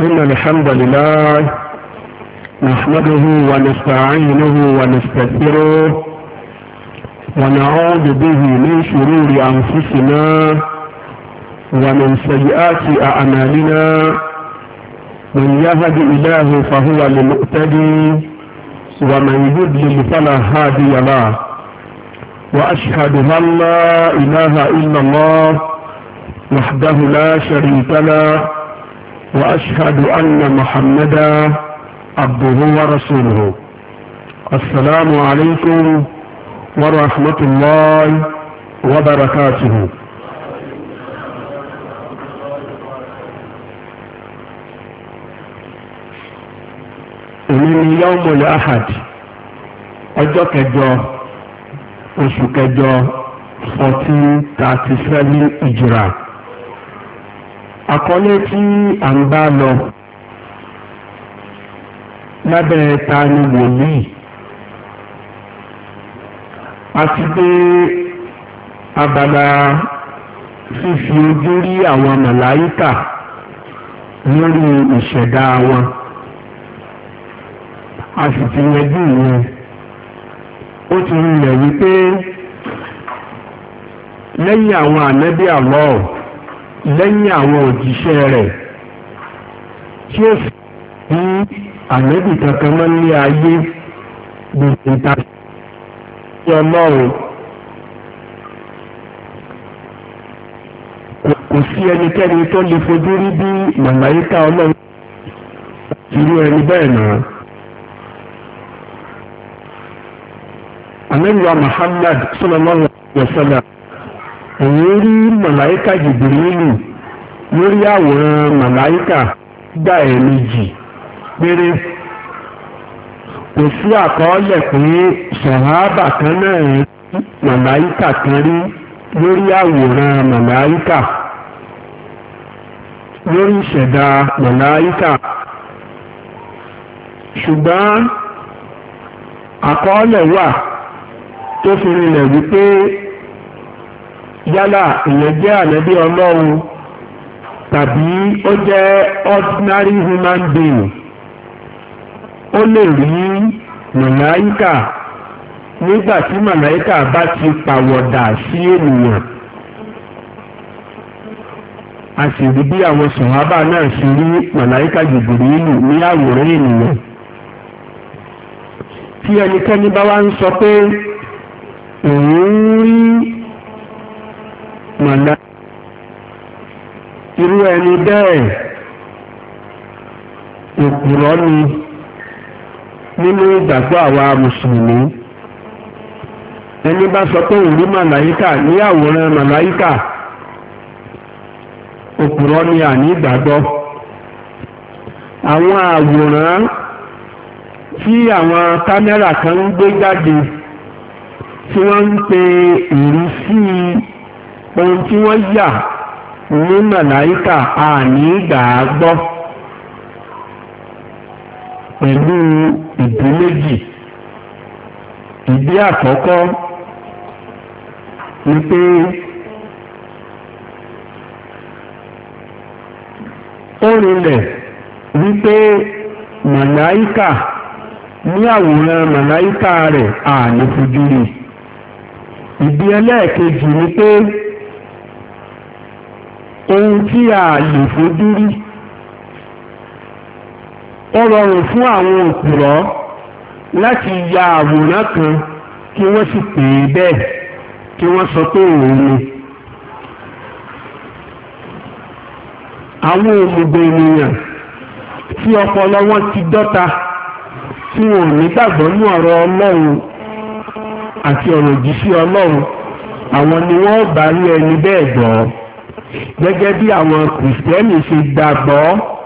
إن الحمد لله نحمده ونستعينه ونستغفره ونعوذ به من شرور أنفسنا ومن سيئات أعمالنا من يهد إله فهو المؤتدي ومن يضلل فلا هادي له وأشهد أن لا إله إلا الله وحده لا شريك له وأشهد أن محمدا عبده ورسوله السلام عليكم ورحمة الله وبركاته من يوم الأحد ọjọ́ kẹjọ oṣù kẹjọ 1437 ìjìrà àkọlé tí à ń bá lọ lábẹ́ ta ni wòlíì àti pé abala fífi ojú rí àwọn màláyíkà lórí ìṣẹ̀dá wọn a sì ti yanjú ìyẹn ó ti rinlẹ̀ wípé lẹ́yìn àwọn ànábì àlọ́ọ̀ lẹ́yìn àwọn òjíṣẹ́ rẹ̀ tí ó sì bí àlébì kankan mọ́ ní ayé gbogbo ìta sí ọlọ́run kò sí ẹnikẹ́ni tó lè fojú rí bí màláyíká ọlọ́run irú ẹni bẹ́ẹ̀ náà. Ànábì wa Muhammad sallallahu alaihi wa èyí rí màláíkà jìbìrìlù lórí àwòrán màláíkà gbà ẹ̀ẹ̀mejì péré kò sí àkọọ́lẹ̀ pé sàhábà kan náà rí màláíkà kan rí lórí àwòrán màláíkà lórí ìṣẹ̀dá màláíkà ṣùgbọ́n àkọọ́lẹ̀ wà tó fi rinlẹ̀ wípé yálà ìyẹn jẹ́ ànábì ọlọ́run tàbí ó jẹ́ ordinary human being ó lè rí màláíkà nígbà tí màláíkà bá ti pàwọ̀dà sí ènìyàn a sì rí bí àwọn sọ̀hábà náà ṣe rí màláíkà jìbìrìlù ní àwòrán ènìyàn tí ẹnikẹ́ni bá wá ń sọ pé òun rí mọ̀lá irú ẹni bẹ́ẹ̀ òpùrọ́ ni nínú ìgbàgbọ́ àwa mùsùlùmí ẹni bá sọ pé òun rí màláyíkà níyàwòrán ni àní ìgbàgbọ́ àwọn àwòrán tí àwọn kámẹ́rà kan ń gbé jáde tí wọ́n ń pe ìrísí ohun tí wọ́n yà ní màláìkà àní ìgbà á pẹ̀lú ìdí méjì ìdí àkọ́kọ́ ni pé ó rinlẹ̀ wípé màláìkà ní àwòrán màláìkà rẹ̀ àní fojú rí ìdí ẹlẹ́ẹ̀kejì ni pé. ohun tí a lè fojú rí ó rọrùn fún àwọn òpùrọ́ láti ya àwòrán kan kí wọn sì pè é bẹ́ẹ̀ kí wọ́n sọ pé òun ni àwọn òmùgbò ènìyàn tí ọpọlọ wọn ti dọta tí wọn ò ní gbàgbọ́ ní ọ̀rọ̀ ọlọ́run àti ọ̀rọ̀ òjíṣẹ́ ọlọ́run àwọn ni wọn bá rí ẹni bẹ́ẹ̀ gbọ́. gẹ́gẹ́ bí àwọn kìrìsìtẹ́nì ṣe gbàgbọ́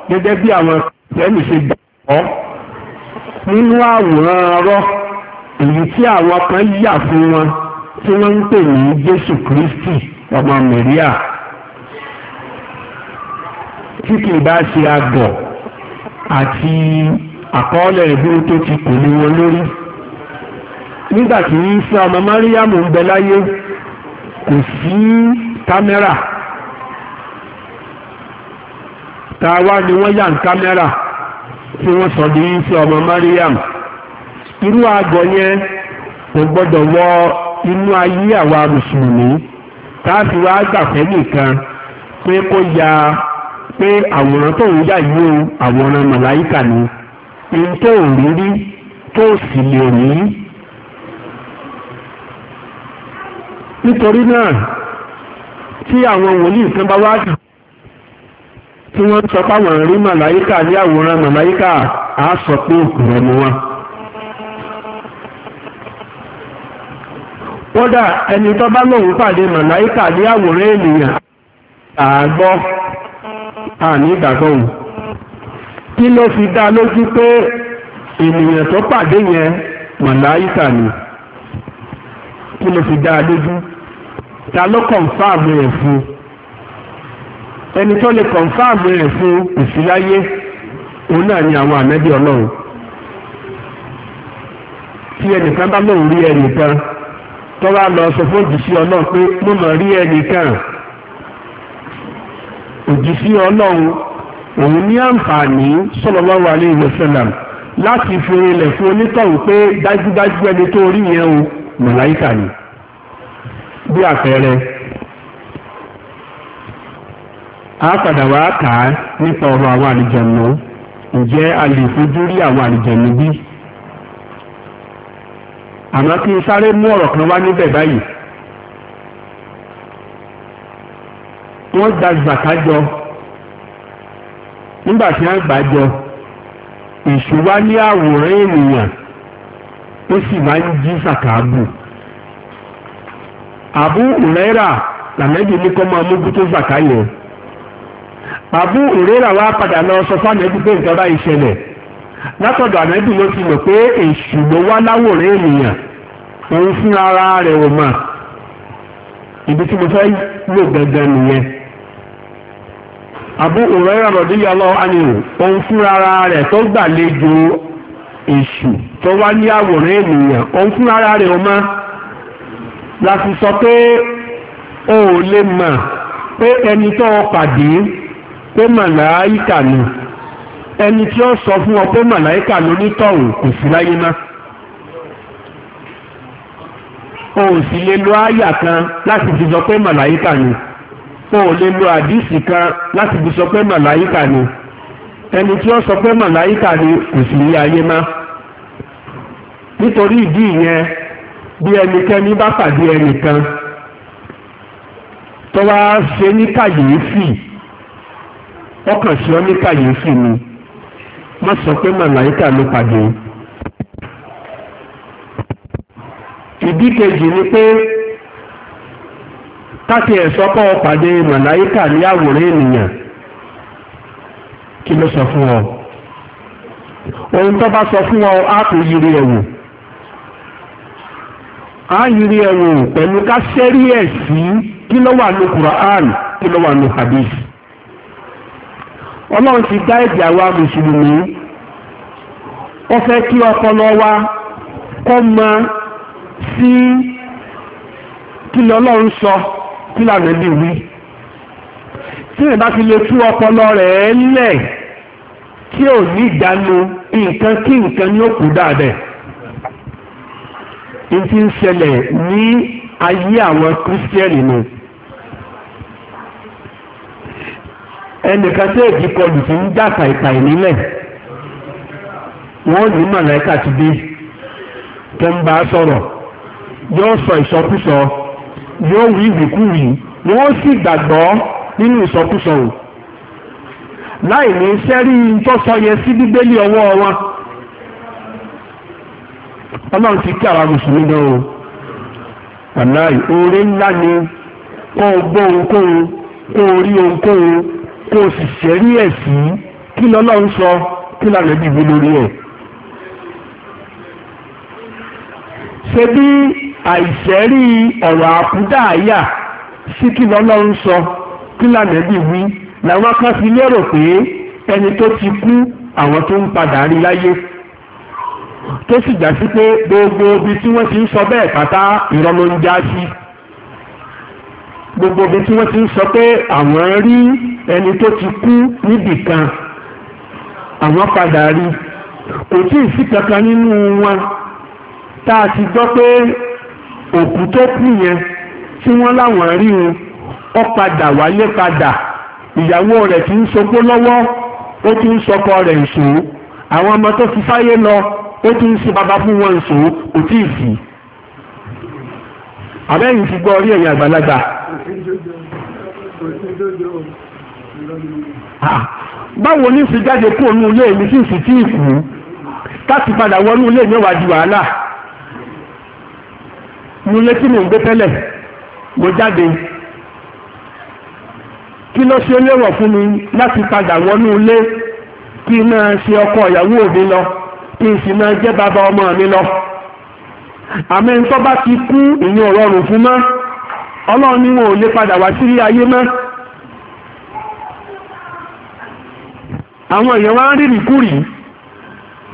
gẹ́gẹ́ bí àwọn kìrìsìtẹ́nì ṣe gbàgbọ́ nínú àwòrán ọ̀rọ̀ èyí tí àwọn kan yà fún wọn tí wọ́n ń pè ní Jésù Kristi ọmọ Mẹ́ríà tí kì í bá ṣe àgọ̀ àti àkọọ́lẹ̀ ìbúrú tó ti kò lé wọn lórí nígbà tí Isa ọmọ Máríàmù ń bẹ láyé kò sí kámẹ́rà tàwa ni wọ́n yà ń kámẹ́rà tí wọ́n sọ di sí ọmọ Mariam irú àgọ́ yẹn kò gbọ́dọ̀ wọ inú ayé àwa mùsùlùmí táàfin wa gbàfẹ́ nìkan pé kó ya pé àwòrán tó ń yà yìí o àwòrán màláìkà ni ohun tó ò rí rí tó sì lè rí nítorí náà tí àwọn wòlíì kan bá wá jù tí wọ́n sọ páwọn rí màláyíkà ní àwòrán màláyíkà á sọ pé òkúrọ̀ ni wọ́n. kódà ẹni tó bá lòun pàdé màláyíkà ní àwòrán ènìyàn àgbọ́ àní ìgbàgbọ́ òun kí ló fi dá lójú pé ènìyàn tó pàdé yẹn màláyíkà ni kí ló fi dá lójú ta ló kọ̀ǹfààmù ẹ̀ fún un. ẹni tó lè kọ̀nfáàmù rẹ̀ fún ìsíláyé òun náà ni àwọn ànábì ọlọ́run tí ẹnìkan bá lóun rí ẹnìkan tó bá lọ sọ fún òjìṣẹ́ ọlọ́run pé mo mọ̀ rí ẹnìkan òjìṣẹ́ ọlọ́run òun ní àǹfààní sallallahu alaihi wasallam láti fi rinlẹ̀ fún onítọ̀hún pé dájúdájú ẹni tó rí yẹn o mọ̀láyíkà ni bí àpẹẹrẹ a padà wá kà á nípa ọ̀rọ̀ àwọn àlìjẹ̀nù ǹjẹ́ a lè fojú rí àwọn àlìjẹ̀nù bí? àmọ́ kí n sáré mú ọ̀rọ̀ kan wá níbẹ̀ báyìí. wọ́n gba gbàkájọ nígbà tí wọ́n gbàjọ èṣù wá ní àwòrán ènìyàn ó sì máa ń jí sàkáàbù àbú ìrẹ́rà làmẹ́jì ní kọ́ máa mójútó sàkáyẹn àbú òrèrà wá padà lọ sọ fún ànẹ́bí pé nǹkan bá ìṣẹ̀lẹ̀ látọ̀dọ̀ ànẹ́bí ló ti mọ̀ pé èṣù ló wá láwòrán ènìyàn òun fún ara rẹ̀ ò mà ibi tí mo fẹ́ lò gangan nìyẹn àbú òrèrà rọ̀díyà lọ ànìyàn òun fún ara rẹ̀ tó gbàlejò èṣù tó wá ní àwòrán ènìyàn òun fún ara rẹ̀ ò mà láti sọ pé o ò lè mà pé ẹni tó pàdé pé màláíkà ni ẹni tí ó sọ fún ọ pé màláíkà ló ní kò sí láyé má o ò sì lè lo àyà kan láti fi sọ pé màláíkà ni o ò lè lo àdìsí kan láti fi sọ pé màláíkà ni ẹni tí ó sọ pé màláíkà ni kò sí ní ayé má nítorí ìdí ìyẹn bí ẹnikẹ́ni bá pàdé ẹnìkan tó wá ṣe ní kàyééfì ọkàn sí ọ ní kàyéfì ni má sọ pé màláìkà ló pàdé ìdí kejì ni pé káàkiri ẹ̀sọ́ kọ́ pàdé màláìkà ní àwòrán ènìyàn kí ló sọ fún ọ ohun tó bá sọ fún ọ á kò yiri ẹ̀wò á yiri ẹ̀wò pẹ̀lú ká ọlọ́run ti dá èdè àwa mùsùlùmí ó fẹ́ kí ọpọlọ wa kọ́ mọ sí kí lọ́lọ́run sọ kí lànà lè wí tí ìbá ti lè tú ọpọlọ rẹ̀ lẹ̀ tí ò ní ìdánu nǹkan kí nǹkan ní òkú dáadẹ́ n ti ń ṣẹlẹ̀ ní ayé àwọn kírísítẹ́nì ni. ẹnìkan tí èjì kọlù tí ń jà pàìpàì nílẹ̀ wọ́n ní ti de. tó ń bá a sọ̀rọ̀ yóò sọ ìsọkúsọ yóò wí ìwìkúwì wọ́n o láì ní sẹ́rí tọ́sọ yẹn sí bíbélì ọwọ́ wọn ọlọ́run ti kí àwọn mùsùlùmí gan o wàláì oore ńlá ni kó o kó o sì ṣẹ́rí ẹ̀ sí kí lọ́lọ́run sọ kí lálẹ́ bìbí lórí ẹ̀. ṣe bí àìṣẹ́rí ọ̀rọ̀ àkúdàáyà sí kí lọ́lọ́run sọ kí lálẹ́ bìbí làwọn kan fi lérò pé ẹni tó ti kú àwọn tó ń padà rí láyé tó sì jà sí pé gbogbo ibi tí wọ́n ti ń sọ bẹ́ẹ̀ pátá ìrọ́lóúnjá sí. Si gbogbo ibi tí wọ́n ti ń sọ pé àwọn rí ẹni tó ti kú níbìkan àwọn padà rí kò tí ì sí kankan nínú wọn tá a ti gbọ́ pé òkú tó kú yẹn tí wọ́n láwọn rí wọn ó padà wálé padà ìyàwó rẹ̀ ti ń sogbó lọ́wọ́ ó ti ń sọkọ rẹ̀ nsò àwọn ọmọ tó fi fáyé lọ ó ti ń ṣe bàbá fún wọn nsò kò tí ì sí. àbẹ́yìn ti gbọ́ orí ẹ̀yìn àgbàlagbà. báwo ní sì jáde kó nú ilé mi sí sì tí ì kú láti padà wọnú ilé mi wá di wàhálà mo lé tí mò ń gbé tẹ́lẹ̀ mo jáde kí ló ṣe léwọ̀ fún mi láti padà wọnú ilé kí n máa ṣe ọkọ ìyàwó mi lọ kí n sì máa jẹ́ bàbá ọmọ mi lọ àmì ń tọ́ bá ti kú ìyẹn ọ̀rọ̀ ọ̀rùn fún mọ́ ọlọ́run ni wọn ò lè padà wá sílé ayé mọ́. àwọn èèyàn wá ń rírì kúrì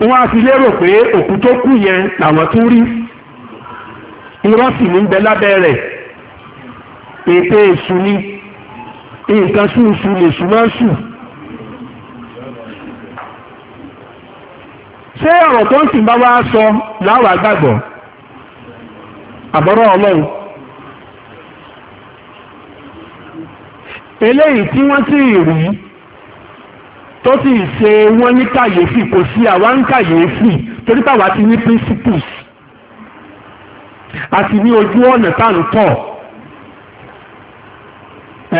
wọ́n a ti lérò pé òkú tó kú yẹn làwọn tún rí irọ́ sì ní bẹ lábẹ́ rẹ̀ ètè èṣù ni nǹkan ṣùṣù lèṣù máa ṣù. ṣé ọ̀rọ̀ tó ń sì bá wá sọ láwàá gbàgbọ́ àbọ̀rọ̀ ọlọ́run eléyìí tí wọ́n ti rí tó sì ń ṣe wọ́n ní kàyéfì kò sí àwa ń kàyéfì torí pàwọ́ àti ní principles àti ní ojú ọ̀nà tá à ń tọ̀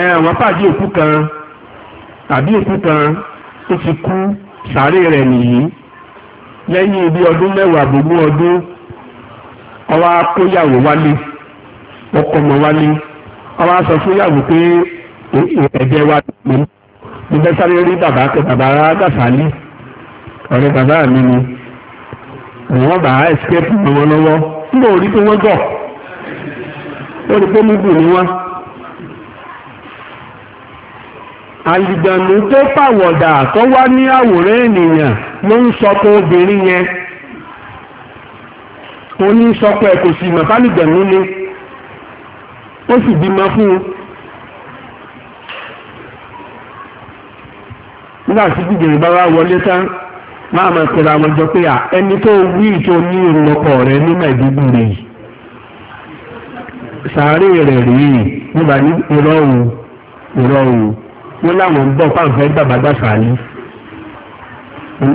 ẹ wọ́n pàdé òkú kan àbí òkú kan ó ti kú sàárè rẹ̀ nìyí lẹ́yìn ibi ọdún mẹ́wàá gbogbo ọdún ọwọ́ akóyàwó wálé ọkọ̀ ọmọ wálé ọwọ́ aṣọ pé ẹ̀jẹ̀ wa mo bẹ́ sáré rí bàbá pé bàbá ara gàfàlì ọ̀rẹ́ bàbá mi ni wọ́n bá escape mọ́ lọ́wọ́ nígbà orí pé wọ́n gọ̀ ó rí pé ni àlìgbàmù tó pàwọ̀dà tó wá ní àwòrán ènìyàn ló ń obìnrin yẹn ó ní kò mọ̀ fálìgbàmù ni ó sì nígbà tí gbìyànjú bá wá wọlé tán máa máa pèrè àwọn jọ pé ẹni tó wí tó ní ìrọ̀pọ̀ rẹ ní mẹ́ẹ̀ẹ́dógún rẹ̀ yìí sàárè rẹ̀ rèé nígbà ní irọ́ òun irọ́ òun wọ́n láwọn ń bọ̀ fáǹfẹ́ bàbájá sàálì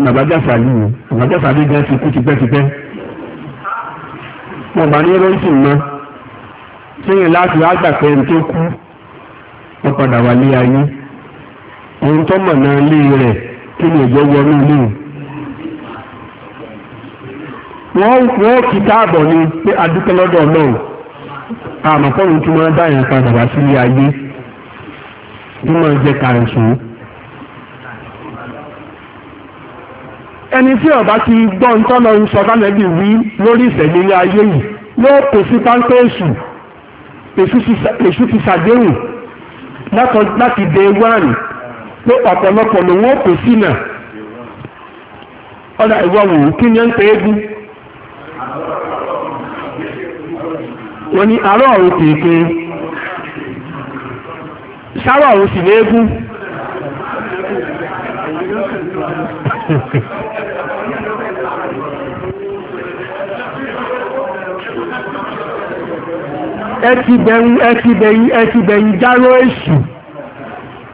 bàbájá sàálì o bàbájá sàálì gan ti kú tipẹ́tipẹ́ wọn bá ní rọ́ǹtì mọ́ sẹ́yìn láti wá gbà pé ẹni tó kú wọ́n padà ayé ohun tó mọ̀ náà lé rẹ̀ kí ni ìjọ wọnú ilé wọn wọn kì táàbọ̀ ni pé adúpẹ́ lọ́dọ̀ náà àmọ́ fọ́nrún tí wọ́n dá yẹn padà wá sílé ayé tí wọ́n jẹ́ kàǹsùn. ẹni tí ọba ti gbọ́ ń tọ́lọ ń sọ kálẹ́bì wí lórí ìṣẹ̀lẹ̀ ilé ayé yìí yóò kò sí páńpẹ́ èṣù ti ṣàdéhùn láti day one pé ọ̀pọ̀lọpọ̀ lòun ó kò sínà ọ̀dà ìwọ wò ó kí ni ó ń pe eégún wọ́n ní àárọ̀ ọ̀run kèèké sáwà ọ̀run sì léégún ẹ ti bẹ̀yìn ẹ ti bẹ̀yìn ẹ ti bẹ̀yìn járó èṣù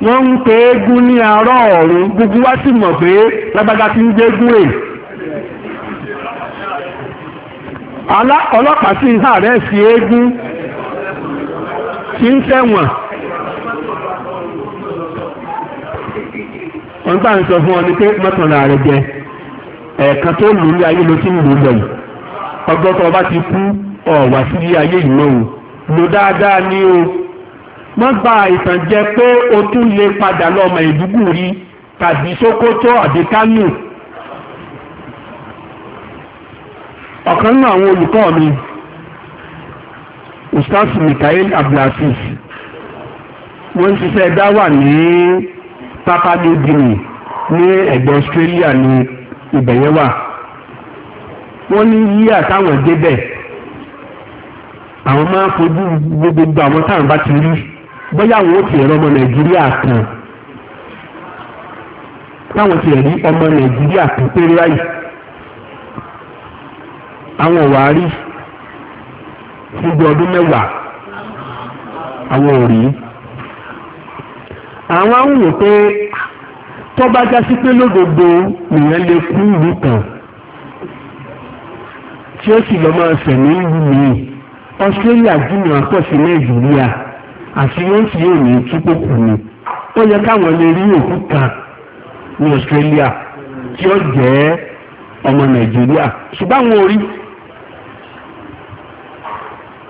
wọ́n ń pe eégún ní arọ́ ọ̀run gbogbo wa sì mọ̀ pé lágbága ti ń gbégún rè ọlọ́pàá sí ń sí eégún tí ń wọ́n ọ ní pé mọ́tànlá rẹ̀ jẹ ẹ̀ẹ̀kan tó lù ní ayé ló ti ń lù ọba ti kú ọ̀wà o lò dáadáa o. wọ́n gba ìtànjẹ pé o tún lè padà lọ́mọ Maiduguri tàbí Sokoto àbí Kánò ọ̀kan nínú àwọn olùkọ́ mi ustaz Mikael Abdulaziz wọ́n ń ṣiṣẹ́ dáwà ní Papua New Guinea ní ẹ̀gbẹ́ Australia ní ìbẹ̀yẹ́ wà wọ́n ní yíyà táwọn débẹ̀ àwọn máa fojú gbogbo àwọn táwọn bá ti rí bóyá àwọn ó ti ẹ̀rọ ọmọ nàìjíríà kan táwọn ti ẹ̀rí ọmọ nàìjíríà kan péré ráyì àwọn wàá rí síbi ọdún mẹ́wàá àwọn ò rí àwọn ń pé tó já sí pé lódodo nìyẹn lè kú ìlú kan tí ó sì lọ́ máa sẹ̀mí ìlú mi Australia jùlọ pọ̀ Nàìjíríà àṣeyọsí yóò ní túpọ̀ kù ni ó yẹ káwọn lè rí òkú kan ní Australia tí ó jẹ́ ọmọ Nàìjíríà ṣùgbọ́n àwọn orí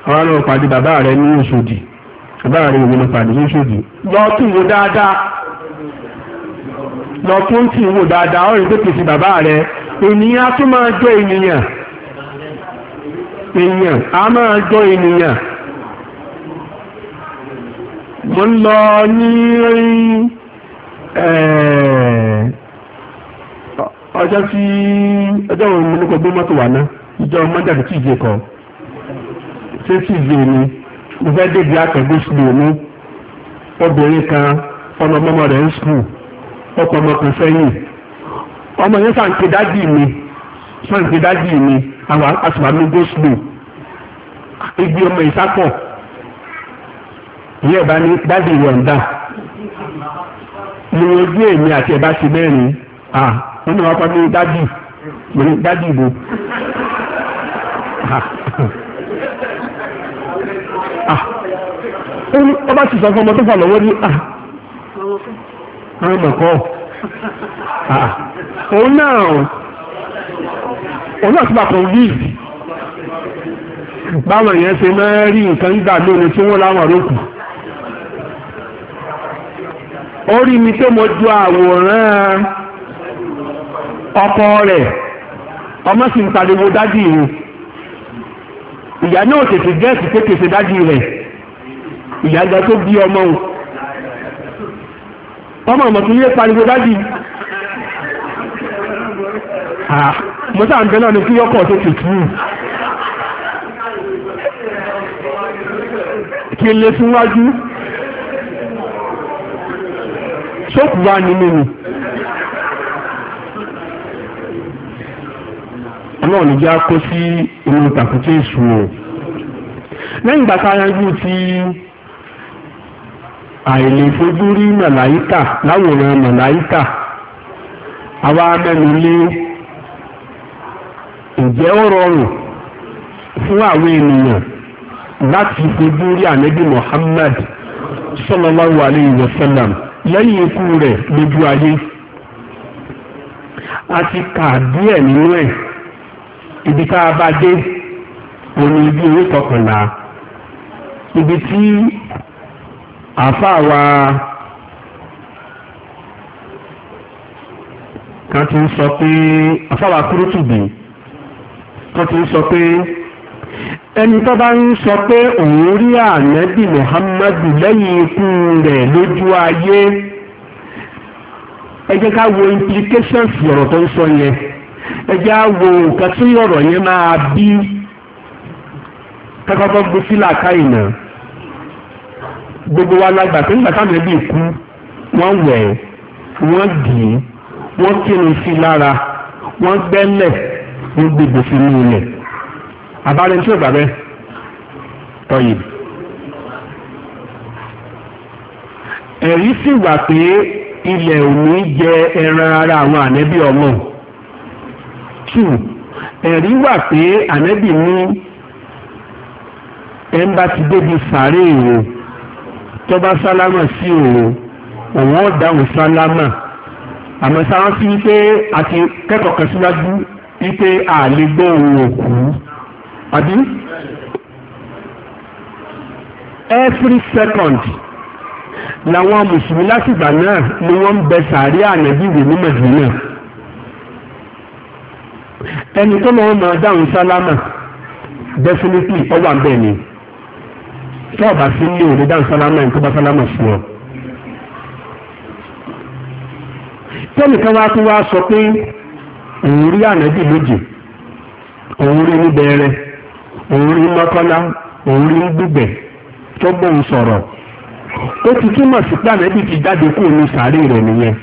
àwọn ọlọ́run pàdé bàbá rẹ ní Òṣòdì bàbá rẹ ìwé ló pàdé ní Òṣòdì lọ tún wo dáadáa lọ tún tì wo dáadáa ọ̀rẹ́ tó pèsè bàbá rẹ ènìyàn tún máa jọ ènìyàn ènìyàn á máa jọ ènìyàn mo ń lọ ní eh, ọjọ́ tí ọjọ́ òun mo ní kò gbé mọ́tò wà náà ìjọ mọ́tò àti tíìjẹ kan ṣé tíìjẹ ni mo fẹ́ débi àtẹ̀gbé sílẹ̀ òní obìnrin kan ọmọ ọmọ rẹ̀ ń sùkúù ọkọ̀ ọmọ kan sẹ́yìn ọmọ yẹn sàǹkì dájì mi sàǹkì dájì mi àwọn àtùwámi go slow igi ọmọ ìsápọ̀ ìyá ẹ̀ bá ní dájú ìwọ̀ ń dà mo ojú èmi àti ẹ̀ bá ṣe mẹ́rin à wọ́n ní wọ́n kọ́ ní dájú mo ní dájú ìbò ọba ti sọ fún ọmọ tó fà lọ́wọ́ ní àwọn ọmọkọ́ òun náà òun náà ti bá kan rí báwọn èèyàn ṣe máa rí nǹkan gbà lónìí tí wọ́n láwọn àrókù ó rí mi pé mo ju àwòrán ọkọ rẹ̀ ọmọ sì ń pariwo dádì mi ìyá náà tètè gẹ́ẹ̀sì pé kèsè dádì rẹ̀ ìyá ga tó bí ọmọ òun ọmọ ọmọ tó yé pariwo dádì mo sáà ń bẹ náà ni kí yọkọ̀ tó tutù kí n lè súnwájú. sóòpù wá ní mímu ọlọ́run ní já kó sí inú tàkùtì èṣù o lẹ́yìn ìgbà tá a yanjú ti àìlèfojú rí màláyíkà láwòrán màláyíkà àwa mẹ́nu lé ó rọrùn fún àwọn ènìyàn láti fojú rí Muhammad lẹ́yìn ikú rẹ̀ lójú ayé a ti kà díẹ̀ nínú ẹ̀ ibi tá a bá dé òní ibi orí kọkànlá ibi tí àáfàá wa kan ti ń sọ pé àáfàá wa kúrútùbì kan ti ń sọ pé. ẹni tó bá ń sọ pé òun rí ànábì muhammadu lẹ́yìn ikú rẹ̀ lójú ayé ẹ ká wo implications ọ̀rọ̀ tó ń sọ yẹn á wo nǹkan tí ọ̀rọ̀ yẹn máa bí kẹ́kọ̀ọ́ gbé sílà káyìnà gbogbo wa lágbà pé nígbà táwọn ẹbí kú àbálẹ̀ tí ò gbà bẹ́ẹ̀ tọ́yìn. ẹ̀rí sì wà pé ilẹ̀ ò ní jẹ ẹran ara àwọn ànẹ́bí ọmọ two ẹ̀rí wà pé ànẹ́bí ní ẹ̀ńbà ti débi sàárè ìwò tó bá sálámà sí òun òun ó dáhùn sálámà àmọ́ sáwọn sí wípé àti kẹ́kọ̀ọ́ kan síwájú wípé àlégbó òun òkú. Abi every second làwọn mùsùlùmí lásìgbà náà ni wọ́n ń bẹ sàárì ànábì ní Mẹ̀dínà ẹni tó lọ́wọ́ máa dáhùn definitely ọwà bẹ́ẹ̀ ni tó ọ̀bà sí ní òde dáhùn sálámà ní tó bá sálámà ọ. wá tún wá sọ pé òun rí ànábì méje òun rí òun rí mọ́kànlá òun rí gbígbẹ̀ tó bóun sọ̀rọ̀ ó ti túmọ̀ sí pé ti jáde kúrò ní sàárè rẹ̀ nìyẹn